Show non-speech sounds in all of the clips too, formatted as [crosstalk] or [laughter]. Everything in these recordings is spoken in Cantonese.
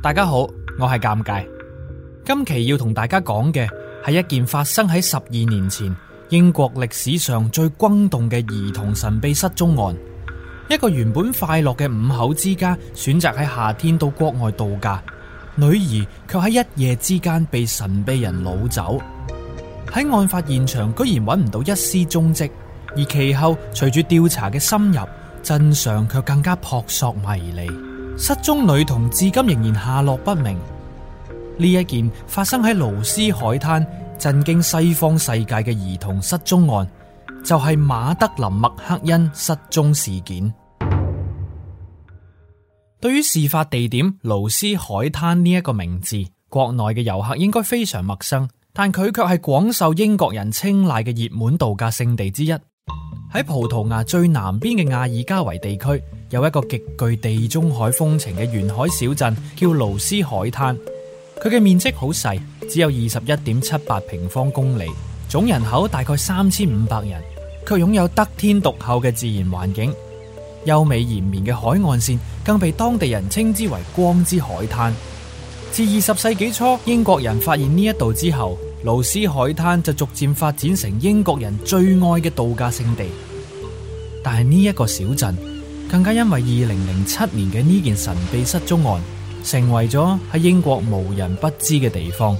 大家好，我係尷尬。今期要同大家講嘅係一件發生喺十二年前英國歷史上最轟動嘅兒童神秘失蹤案。一個原本快樂嘅五口之家選擇喺夏天到國外度假，女兒卻喺一夜之間被神秘人擄走。喺案發現場，居然揾唔到一絲蹤跡，而其後隨住調查嘅深入，真相卻更加撲朔迷離。失蹤女童至今仍然下落不明。呢一件發生喺盧斯海灘、震驚西方世界嘅兒童失蹤案，就係、是、馬德琳麥卡恩失蹤事件。 [noise] 對於事發地點盧斯海灘呢一個名字，國內嘅遊客應該非常陌生，但佢卻係廣受英國人青睞嘅熱門度假勝地之一，喺葡萄牙最南邊嘅亞爾加維地區。有一個極具地中海風情嘅沿海小鎮，叫盧斯海灘。佢嘅面積好細，只有二十一點七八平方公里，總人口大概三千五百人，卻擁有得天獨厚嘅自然環境。優美延綿嘅海岸線更被當地人稱之為光之海灘。自二十世紀初英國人發現呢一度之後，盧斯海灘就逐漸發展成英國人最愛嘅度假勝地。但係呢一個小鎮，更加因為二零零七年嘅呢件神秘失蹤案，成為咗喺英國無人不知嘅地方。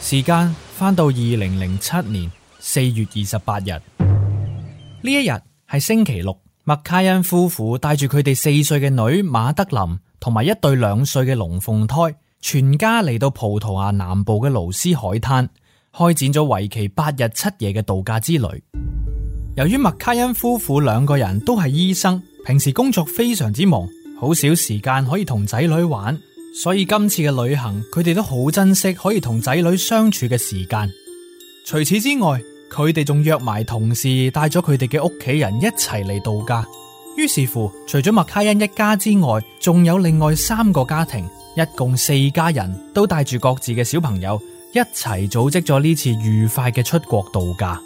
時間翻到二零零七年四月二十八日，呢一日係星期六，麥卡恩夫婦帶住佢哋四歲嘅女馬德琳同埋一對兩歲嘅龍鳳胎，全家嚟到葡萄牙南部嘅盧斯海灘，開展咗為期八日七夜嘅度假之旅。由於麥卡恩夫婦兩個人都係醫生，平時工作非常之忙，好少時間可以同仔女玩，所以今次嘅旅行，佢哋都好珍惜可以同仔女相處嘅時間。除此之外，佢哋仲約埋同事，帶咗佢哋嘅屋企人一齊嚟度假。於是乎，除咗麥卡恩一家之外，仲有另外三個家庭，一共四家人，都帶住各自嘅小朋友，一齊組織咗呢次愉快嘅出國度假。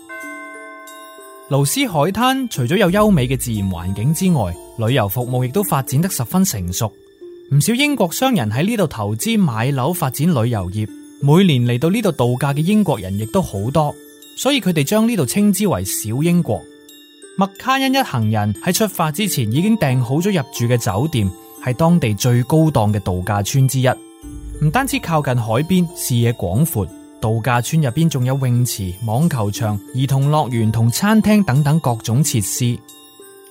盧斯海灘除咗有優美嘅自然環境之外，旅遊服務亦都發展得十分成熟。唔少英國商人喺呢度投資買樓發展旅遊業，每年嚟到呢度度假嘅英國人亦都好多，所以佢哋將呢度稱之為小英國。麥卡恩一行人喺出發之前已經訂好咗入住嘅酒店，係當地最高檔嘅度假村之一。唔單止靠近海邊，視野廣闊。度假村入邊仲有泳池、網球場、兒童樂園同餐廳等等各種設施。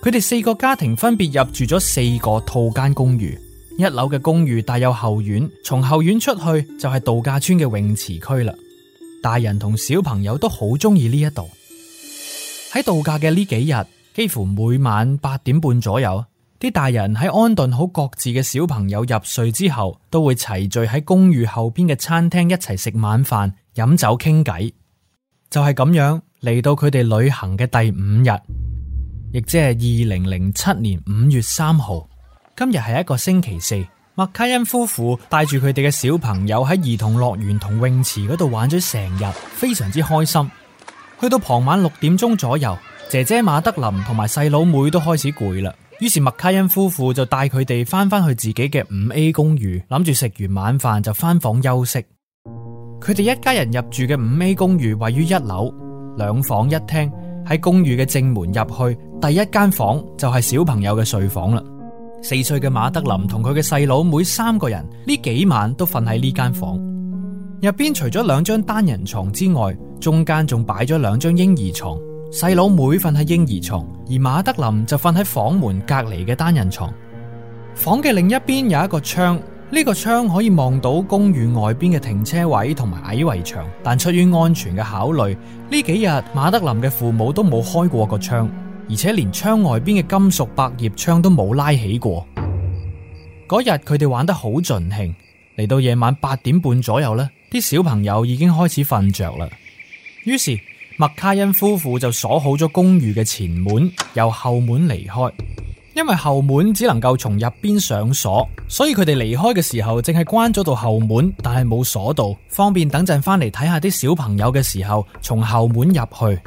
佢哋四個家庭分別入住咗四個套間公寓。一樓嘅公寓帶有後院，從後院出去就係度假村嘅泳池區啦。大人同小朋友都好中意呢一度。喺度假嘅呢幾日，幾乎每晚八點半左右，啲大人喺安頓好各自嘅小朋友入睡之後，都會齊聚喺公寓後邊嘅餐廳一齊食晚飯。飲酒傾偈，就係咁樣嚟到佢哋旅行嘅第五日，亦即係二零零七年五月三號。今日係一個星期四，麥卡恩夫婦帶住佢哋嘅小朋友喺兒童樂園同泳池嗰度玩咗成日，非常之開心。去到傍晚六點鐘左右，姐姐馬德琳同埋細佬妹都開始攰啦，於是麥卡恩夫婦就帶佢哋翻返去自己嘅五 A 公寓，諗住食完晚飯就翻房休息。佢哋一家人入住嘅五 A 公寓位於一樓，兩房一廳。喺公寓嘅正門入去，第一間房就係小朋友嘅睡房啦。四歲嘅馬德琳同佢嘅細佬妹三個人呢幾晚都瞓喺呢間房。入邊除咗兩張單人床之外，中間仲擺咗兩張嬰兒床。細佬妹瞓喺嬰兒床，而馬德琳就瞓喺房門隔離嘅單人床。房嘅另一邊有一個窗。呢個窗可以望到公寓外邊嘅停車位同埋矮圍牆，但出於安全嘅考慮，呢幾日馬德琳嘅父母都冇開過個窗，而且連窗外邊嘅金屬百葉窗都冇拉起過。嗰日佢哋玩得好盡興，嚟到夜晚八點半左右呢，啲小朋友已經開始瞓着啦。於是麥卡恩夫婦就鎖好咗公寓嘅前門，由後門離開。因為後門只能夠從入邊上鎖，所以佢哋離開嘅時候淨係關咗度後門，但係冇鎖度，方便等陣返嚟睇下啲小朋友嘅時候，從後門入去。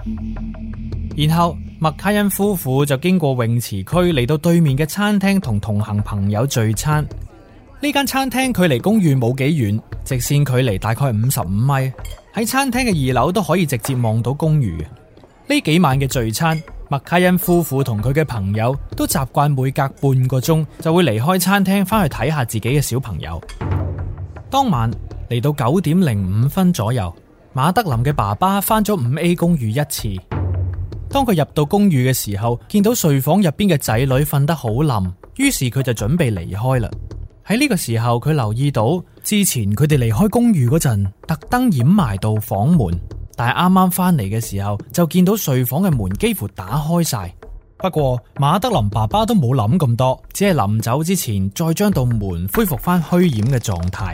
然後麥卡恩夫婦就經過泳池區，嚟到對面嘅餐廳同同行朋友聚餐。呢間餐廳距離公寓冇幾遠，直線距離大概五十五米，喺餐廳嘅二樓都可以直接望到公寓。呢幾晚嘅聚餐，麥卡恩夫婦同佢嘅朋友都習慣每隔半個鐘就會離開餐廳翻去睇下自己嘅小朋友。當晚嚟到九點零五分左右，馬德琳嘅爸爸翻咗五 A 公寓一次。當佢入到公寓嘅時候，見到睡房入邊嘅仔女瞓得好冧，於是佢就準備離開啦。喺呢個時候，佢留意到之前佢哋離開公寓嗰陣，特登掩埋到房門。但係啱啱翻嚟嘅時候，就見到睡房嘅門幾乎打開晒。不過馬德琳爸爸都冇諗咁多，只係臨走之前再將道門恢復翻虛掩嘅狀態。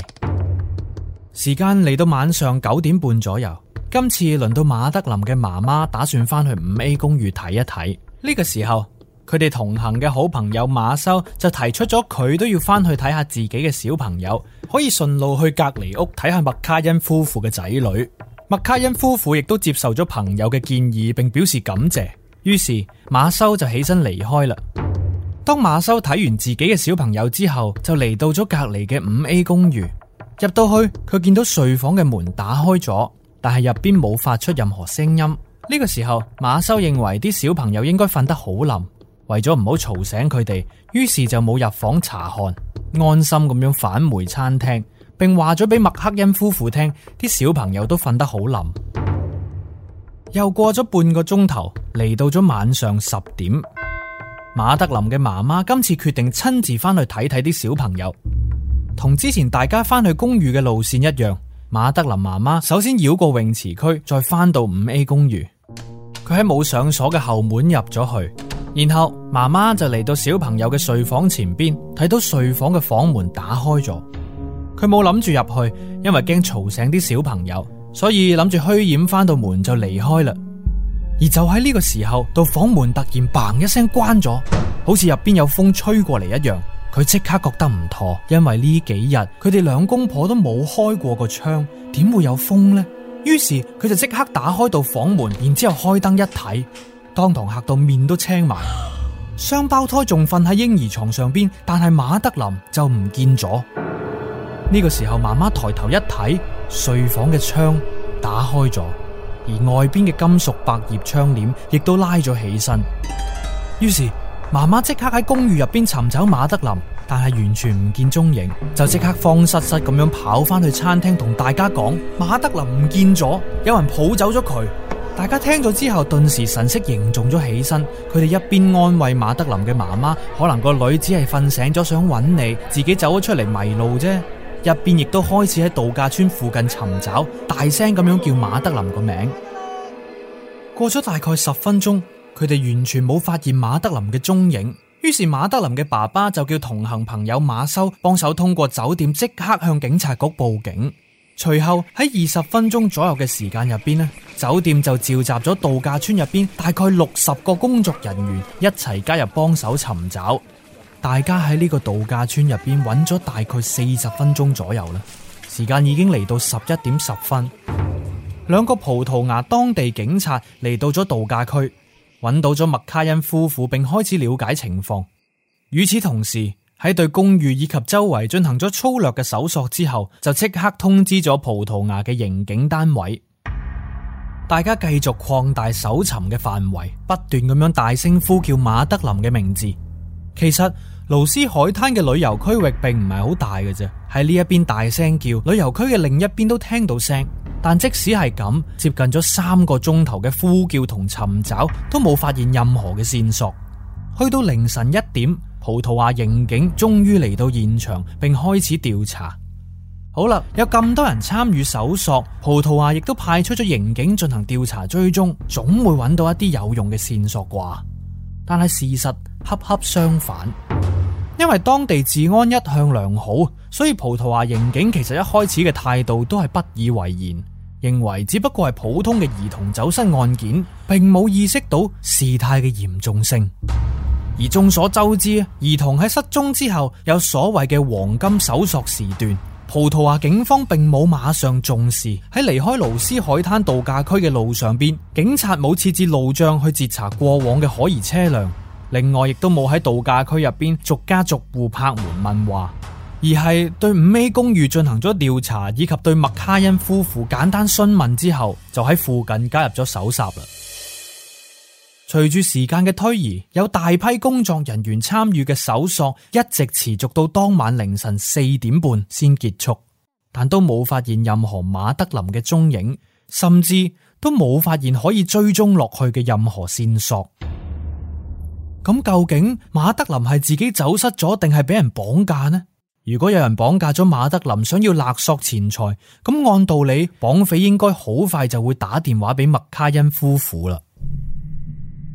時間嚟到晚上九點半左右，今次輪到馬德琳嘅媽媽打算翻去五 A 公寓睇一睇。呢個時候，佢哋同行嘅好朋友馬修就提出咗，佢都要翻去睇下自己嘅小朋友，可以順路去隔籬屋睇下麥卡恩夫婦嘅仔女。麥卡恩夫婦亦都接受咗朋友嘅建議，並表示感謝。於是馬修就起身離開啦。當馬修睇完自己嘅小朋友之後，就嚟到咗隔籬嘅五 A 公寓。入到去，佢見到睡房嘅門打開咗，但係入邊冇發出任何聲音。呢個時候，馬修認為啲小朋友應該瞓得好冧，為咗唔好嘈醒佢哋，於是就冇入房查看，安心咁樣返回餐廳。並話咗俾麥克恩夫婦聽，啲小朋友都瞓得好冧。又過咗半個鐘頭，嚟到咗晚上十點，馬德琳嘅媽媽今次決定親自翻去睇睇啲小朋友，同之前大家翻去公寓嘅路線一樣。馬德琳媽媽首先繞過泳池區，再翻到五 A 公寓。佢喺冇上鎖嘅後門入咗去，然後媽媽就嚟到小朋友嘅睡房前邊，睇到睡房嘅房門打開咗。佢冇諗住入去，因為驚嘈醒啲小朋友，所以諗住虛掩翻到門就離開啦。而就喺呢個時候，度房門突然「嘭」一聲關咗，好似入邊有風吹過嚟一樣。佢即刻覺得唔妥，因為呢幾日佢哋兩公婆都冇開過個窗，點會有風呢？於是佢就即刻打開度房門，然之後開燈一睇，當堂吓到面都青埋。雙胞胎仲瞓喺嬰兒床上邊，但係馬德林就唔見咗。呢個時候，媽媽抬頭一睇，睡房嘅窗打開咗，而外邊嘅金屬百葉窗簾亦都拉咗起身。於是媽媽即刻喺公寓入邊尋找馬德琳，但係完全唔見蹤影，就即刻慌失失咁樣跑翻去餐廳同大家講：馬德琳唔見咗，有人抱走咗佢。大家聽咗之後，頓時神色凝重咗起身。佢哋一邊安慰馬德琳嘅媽媽，可能個女只係瞓醒咗，想揾你，自己走咗出嚟迷路啫。入邊亦都開始喺度假村附近尋找，大聲咁樣叫馬德琳個名。過咗大概十分鐘，佢哋完全冇發現馬德琳嘅蹤影。於是馬德琳嘅爸爸就叫同行朋友馬修幫手通過酒店即刻向警察局報警。隨後喺二十分鐘左右嘅時間入邊呢，酒店就召集咗度假村入邊大概六十個工作人員一齊加入幫手尋找。大家喺呢個度假村入邊揾咗大概四十分鐘左右啦，時間已經嚟到十一點十分。兩個葡萄牙當地警察嚟到咗度假區，揾到咗麥卡恩夫婦，並開始了解情況。與此同時，喺對公寓以及周圍進行咗粗略嘅搜索之後，就即刻通知咗葡萄牙嘅刑警單位。大家繼續擴大搜尋嘅範圍，不斷咁樣大聲呼叫馬德琳嘅名字。其實。盧斯海灘嘅旅遊區域並唔係好大嘅啫，喺呢一邊大聲叫，旅遊區嘅另一邊都聽到聲。但即使係咁，接近咗三個鐘頭嘅呼叫同尋找，都冇發現任何嘅線索。去到凌晨一點，葡萄牙刑警終於嚟到現場，並開始調查。好啦，有咁多人參與搜索，葡萄牙亦都派出咗刑警進行調查追蹤，總會揾到一啲有用嘅線索啩。但係事實恰恰相反，因為當地治安一向良好，所以葡萄牙刑警其實一開始嘅態度都係不以為然，認為只不過係普通嘅兒童走失案件，並冇意識到事態嘅嚴重性。而眾所周知，兒童喺失蹤之後有所謂嘅黃金搜索時段。葡萄牙警方並冇馬上重視。喺離開盧斯海灘度假區嘅路上邊，警察冇設置路障去截查過往嘅可疑車輛，另外亦都冇喺度假區入邊逐家逐戶拍門問話，而係對五 A 公寓進行咗調查，以及對麥卡恩夫婦簡單詢問之後，就喺附近加入咗搜查啦。隨住時間嘅推移，有大批工作人員參與嘅搜索一直持續到當晚凌晨四點半先結束，但都冇發現任何馬德琳嘅蹤影，甚至都冇發現可以追蹤落去嘅任何線索。咁 [noise] 究竟馬德琳係自己走失咗，定係俾人綁架呢？如果有人綁架咗馬德琳，想要勒索錢財，咁按道理綁匪應該好快就會打電話俾麥卡恩夫婦啦。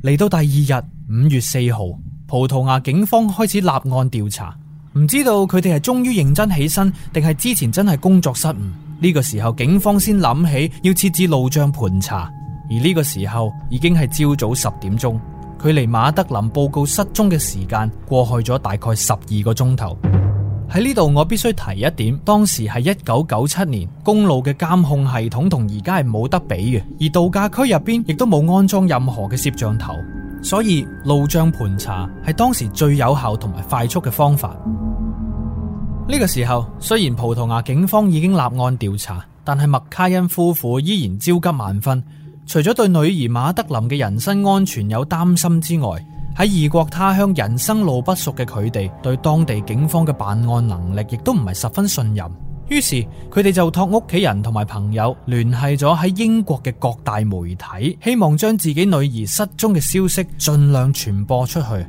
嚟到第二日五月四號，葡萄牙警方開始立案調查，唔知道佢哋係終於認真起身，定係之前真係工作失誤。呢個時候警方先諗起要設置路障盤查，而呢個時候已經係朝早十點鐘，距離馬德琳報告失蹤嘅時間過去咗大概十二個鐘頭。喺呢度我必須提一點，當時係一九九七年，公路嘅監控系統同而家係冇得比嘅，而度假區入邊亦都冇安裝任何嘅攝像頭，所以路障盤查係當時最有效同埋快速嘅方法。呢個時候雖然葡萄牙警方已經立案調查，但係麥卡恩夫婦依然焦急萬分，除咗對女兒馬德琳嘅人身安全有擔心之外。喺異國他鄉，人生路不熟嘅佢哋對當地警方嘅辦案能力亦都唔係十分信任，於是佢哋就託屋企人同埋朋友聯繫咗喺英國嘅各大媒體，希望將自己女兒失蹤嘅消息盡量傳播出去，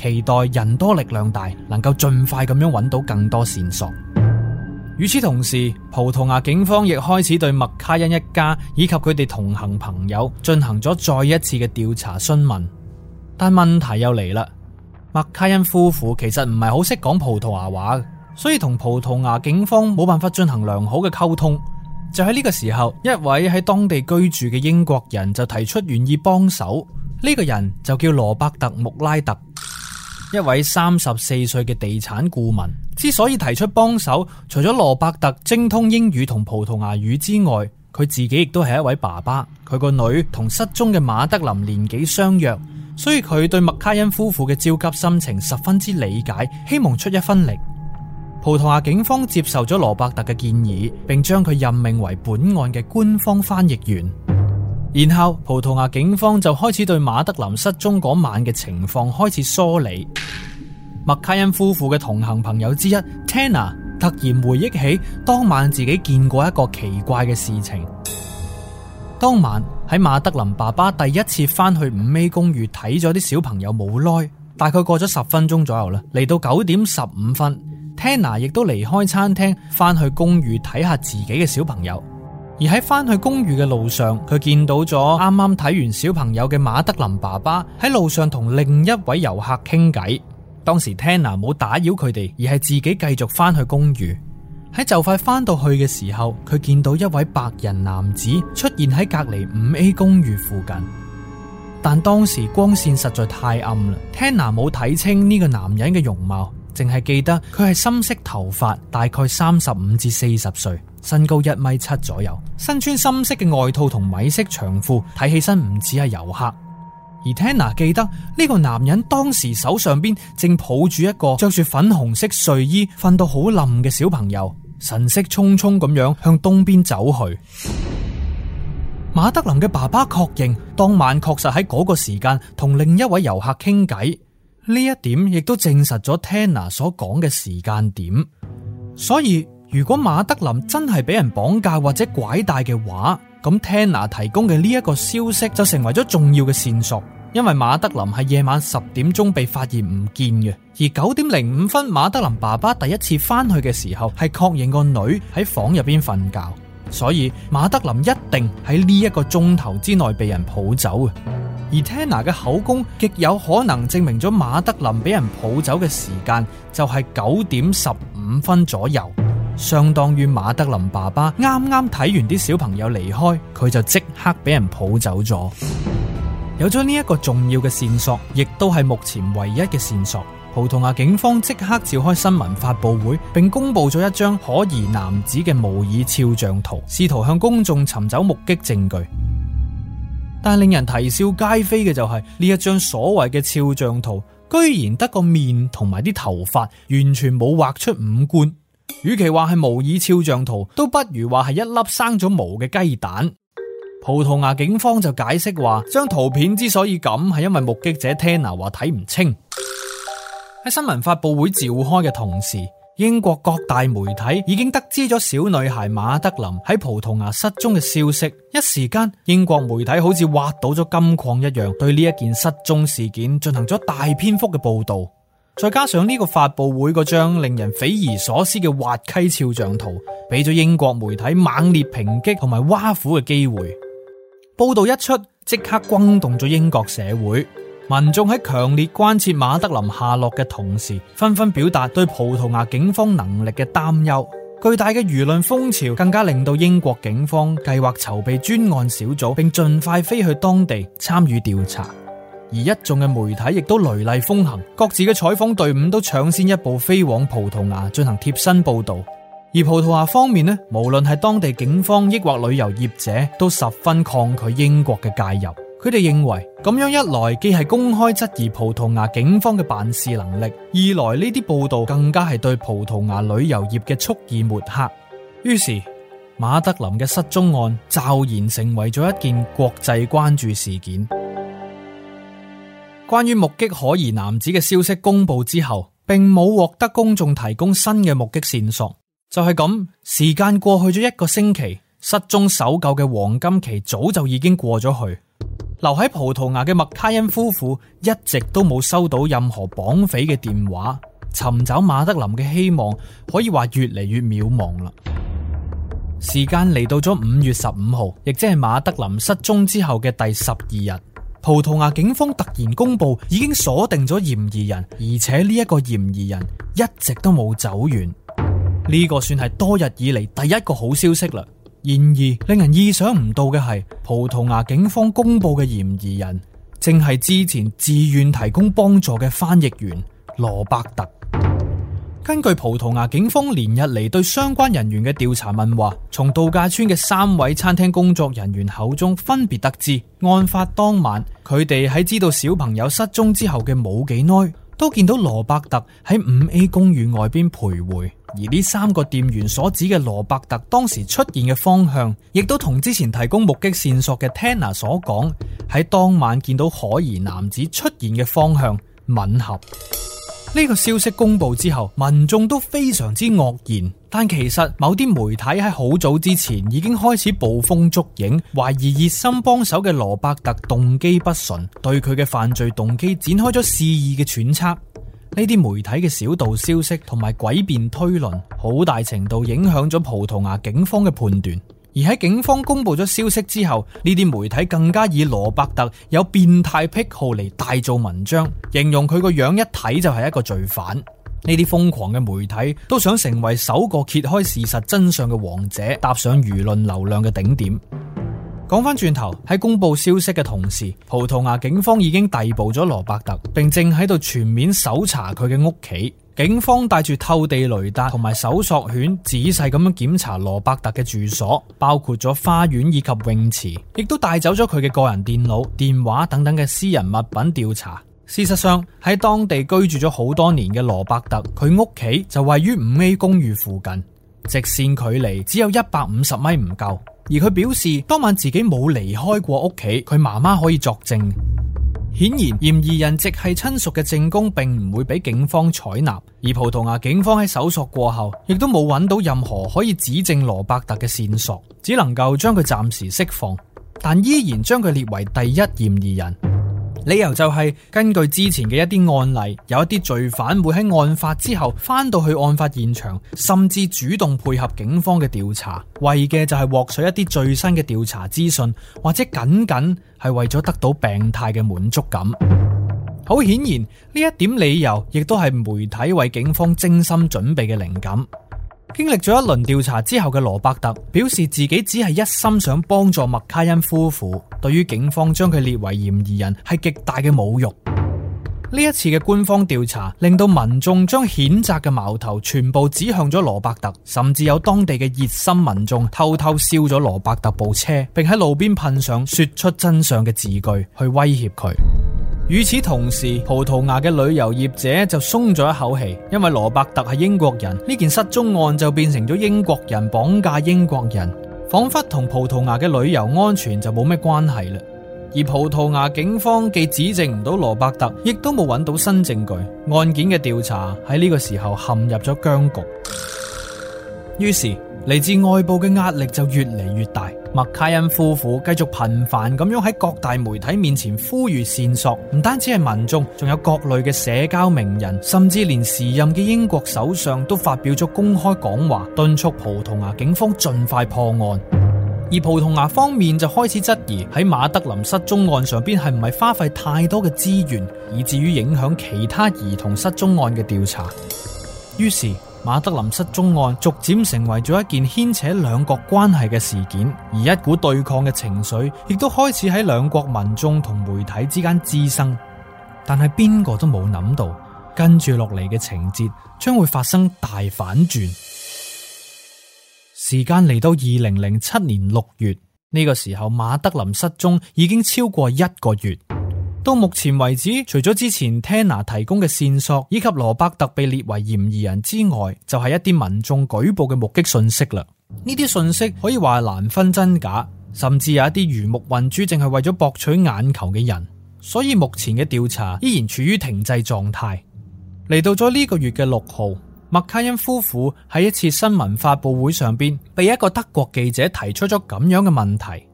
期待人多力量大，能夠盡快咁樣揾到更多線索。與此同時，葡萄牙警方亦開始對麥卡恩一家以及佢哋同行朋友進行咗再一次嘅調查詢問。但問題又嚟啦，麥卡恩夫婦其實唔係好識講葡萄牙話，所以同葡萄牙警方冇辦法進行良好嘅溝通。就喺呢個時候，一位喺當地居住嘅英國人就提出願意幫手。呢個人就叫羅伯特穆拉特，一位三十四歲嘅地產顧問。之所以提出幫手，除咗羅伯特精通英語同葡萄牙語之外，佢自己亦都係一位爸爸。佢個女同失蹤嘅馬德琳年紀相若。所以佢對麥卡恩夫婦嘅焦急心情十分之理解，希望出一分力。葡萄牙警方接受咗羅伯特嘅建議，並將佢任命為本案嘅官方翻譯員。然後葡萄牙警方就開始對馬德琳失蹤嗰晚嘅情況開始梳理。麥卡恩夫婦嘅同行朋友之一 Tanner 突然回憶起當晚自己見過一個奇怪嘅事情。當晚。喺馬德琳爸爸第一次翻去五 A 公寓，睇咗啲小朋友冇耐，大概過咗十分鐘左右啦，嚟到九點十五分，Tanner 亦都離開餐廳翻去公寓睇下自己嘅小朋友。而喺翻去公寓嘅路上，佢見到咗啱啱睇完小朋友嘅馬德琳爸爸喺路上同另一位遊客傾偈。當時 Tanner 冇打擾佢哋，而係自己繼續翻去公寓。喺就快翻到去嘅時候，佢見到一位白人男子出現喺隔籬五 A 公寓附近。但當時光線實在太暗啦，Tanner 冇睇清呢個男人嘅容貌，淨係記得佢係深色頭髮，大概三十五至四十歲，身高一米七左右，身穿深色嘅外套同米色長褲，睇起身唔止係遊客。而 Tanner 記得呢、這個男人當時手上邊正抱住一個着住粉紅色睡衣、瞓到好冧嘅小朋友。神色匆匆咁樣向東邊走去。馬德琳嘅爸爸確認當晚確實喺嗰個時間同另一位遊客傾偈，呢一點亦都證實咗 Tanner 所講嘅時間點。所以如果馬德琳真係俾人綁架或者拐帶嘅話，咁 Tanner 提供嘅呢一個消息就成為咗重要嘅線索。因為馬德琳係夜晚十點鐘被發現唔見嘅，而九點零五分馬德琳爸爸第一次翻去嘅時候係確認個女喺房入邊瞓覺，所以馬德琳一定喺呢一個鐘頭之內被人抱走嘅。而 Tanner 嘅口供極有可能證明咗馬德琳俾人抱走嘅時間就係九點十五分左右，相當於馬德琳爸爸啱啱睇完啲小朋友離開，佢就即刻俾人抱走咗。有咗呢一個重要嘅線索，亦都係目前唯一嘅線索。葡萄牙警方即刻召開新聞發布會，並公布咗一張可疑男子嘅模擬肖像圖，試圖向公眾尋找目擊證據。但令人啼笑皆非嘅就係、是、呢一張所謂嘅肖像圖，居然得個面同埋啲頭髮，完全冇畫出五官。與其話係模擬肖像圖，都不如話係一粒生咗毛嘅雞蛋。葡萄牙警方就解釋話，張圖片之所以咁，係因為目擊者 Tina 話睇唔清。喺新聞發布會召開嘅同時，英國各大媒體已經得知咗小女孩馬德琳喺葡萄牙失蹤嘅消息。一時間，英國媒體好似挖到咗金礦一樣，對呢一件失蹤事件進行咗大篇幅嘅報道。再加上呢個發布會嗰張令人匪夷所思嘅滑稽肖像圖，俾咗英國媒體猛烈抨擊同埋挖苦嘅機會。報道一出，即刻轟動咗英國社會。民眾喺強烈關切馬德琳下落嘅同時，紛紛表達對葡萄牙警方能力嘅擔憂。巨大嘅輿論風潮，更加令到英國警方計劃籌備專案小組，並盡快飛去當地參與調查。而一眾嘅媒體亦都雷厲風行，各自嘅採訪隊伍都搶先一步飛往葡萄牙進行貼身報道。而葡萄牙方面呢，無論係當地警方抑或旅遊業者，都十分抗拒英國嘅介入。佢哋認為咁樣一來，既係公開質疑葡萄牙警方嘅辦事能力；二來呢啲報道更加係對葡萄牙旅遊業嘅蓄意抹黑。於是馬德琳嘅失蹤案驟然成為咗一件國際關注事件。關於目擊可疑男子嘅消息公布之後，並冇獲得公眾提供新嘅目擊線索。就係咁，時間過去咗一個星期，失蹤搜救嘅黃金期早就已經過咗去。留喺葡萄牙嘅麥卡恩夫婦一直都冇收到任何綁匪嘅電話，尋找馬德林嘅希望可以話越嚟越渺茫啦。時間嚟到咗五月十五號，亦即係馬德林失蹤之後嘅第十二日，葡萄牙警方突然公布已經鎖定咗嫌疑人，而且呢一個嫌疑人一直都冇走完。呢個算係多日以嚟第一個好消息啦。然而，令人意想唔到嘅係，葡萄牙警方公布嘅嫌疑人正係之前自願提供幫助嘅翻譯員羅伯特。根據葡萄牙警方連日嚟對相關人員嘅調查問話，從度假村嘅三位餐廳工作人員口中分別得知，案發當晚，佢哋喺知道小朋友失蹤之後嘅冇幾耐，都見到羅伯特喺五 A 公寓外邊徘徊。而呢三個店員所指嘅羅伯特當時出現嘅方向，亦都同之前提供目擊線索嘅 Tanner 所講喺當晚見到可疑男子出現嘅方向吻合。呢個消息公布之後，民眾都非常之愕然，但其實某啲媒體喺好早之前已經開始捕風捉影，懷疑熱心幫手嘅羅伯特動機不純，對佢嘅犯罪動機展開咗肆意嘅揣測。呢啲媒體嘅小道消息同埋詭辯推論，好大程度影響咗葡萄牙警方嘅判斷。而喺警方公佈咗消息之後，呢啲媒體更加以羅伯特有變態癖好嚟大做文章，形容佢個樣一睇就係一個罪犯。呢啲瘋狂嘅媒體都想成為首個揭開事實真相嘅王者，踏上輿論流量嘅頂點。講翻轉頭，喺公佈消息嘅同時，葡萄牙警方已經逮捕咗羅伯特，並正喺度全面搜查佢嘅屋企。警方帶住透地雷達同埋搜索犬，仔細咁樣檢查羅伯特嘅住所，包括咗花園以及泳池，亦都帶走咗佢嘅個人電腦、電話等等嘅私人物品調查。事實上，喺當地居住咗好多年嘅羅伯特，佢屋企就位於 5A 公寓附近，直線距離只有一百五十米唔夠。而佢表示，當晚自己冇離開過屋企，佢媽媽可以作證。顯然，嫌疑人直系親屬嘅證供並唔會俾警方採納。而葡萄牙警方喺搜索過後，亦都冇揾到任何可以指證羅伯特嘅線索，只能夠將佢暫時釋放，但依然將佢列為第一嫌疑人。理由就係根據之前嘅一啲案例，有一啲罪犯會喺案發之後翻到去案發現場，甚至主動配合警方嘅調查，為嘅就係獲取一啲最新嘅調查資訊，或者僅僅係為咗得到病態嘅滿足感。好顯然，呢一點理由，亦都係媒體為警方精心準備嘅靈感。經歷咗一輪調查之後嘅羅伯特表示自己只係一心想幫助麥卡恩夫婦，對於警方將佢列為嫌疑人係極大嘅侮辱。呢一次嘅官方調查令到民眾將譴責嘅矛頭全部指向咗羅伯特，甚至有當地嘅熱心民眾偷偷燒咗羅伯特部車，並喺路邊噴上說出真相嘅字句去威脅佢。與此同時，葡萄牙嘅旅遊業者就鬆咗一口氣，因為羅伯特係英國人，呢件失蹤案就變成咗英國人綁架英國人，仿佛同葡萄牙嘅旅遊安全就冇咩關係啦。而葡萄牙警方既指證唔到羅伯特，亦都冇揾到新證據，案件嘅調查喺呢個時候陷入咗僵局。於是。嚟自外部嘅壓力就越嚟越大，麥卡恩夫婦繼續頻繁咁樣喺各大媒體面前呼籲線索，唔單止係民眾，仲有各類嘅社交名人，甚至連時任嘅英國首相都發表咗公開講話，敦促葡萄牙警方盡快破案。而葡萄牙方面就開始質疑喺馬德琳失蹤案上邊係唔係花費太多嘅資源，以至於影響其他兒童失蹤案嘅調查。於是。馬德琳失蹤案逐漸成為咗一件牽扯兩國關係嘅事件，而一股對抗嘅情緒亦都開始喺兩國民眾同媒體之間滋生。但係邊個都冇諗到，跟住落嚟嘅情節將會發生大反轉。時間嚟到二零零七年六月，呢個時候馬德琳失蹤已經超過一個月。到目前為止，除咗之前 Tina 提供嘅線索，以及羅伯特被列為嫌疑人之外，就係一啲民眾舉報嘅目擊信息啦。呢啲信息可以話難分真假，甚至有一啲魚目混珠，淨係為咗博取眼球嘅人。所以目前嘅調查依然處於停滯狀態。嚟到咗呢個月嘅六號，麥卡恩夫婦喺一次新聞發佈會上邊，被一個德國記者提出咗咁樣嘅問題：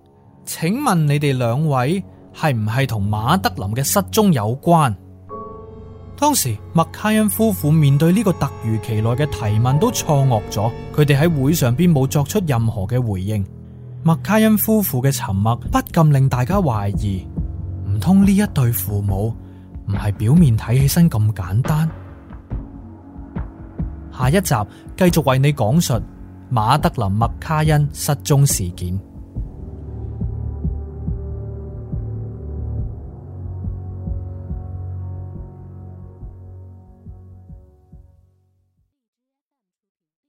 請問你哋兩位？係唔係同馬德琳嘅失蹤有關？當時麥卡恩夫婦面對呢個突如其來嘅提問都錯愕咗，佢哋喺會上邊冇作出任何嘅回應。麥卡恩夫婦嘅沉默不禁令大家懷疑，唔通呢一對父母唔係表面睇起身咁簡單？下一集繼續為你講述馬德琳麥卡恩失蹤事件。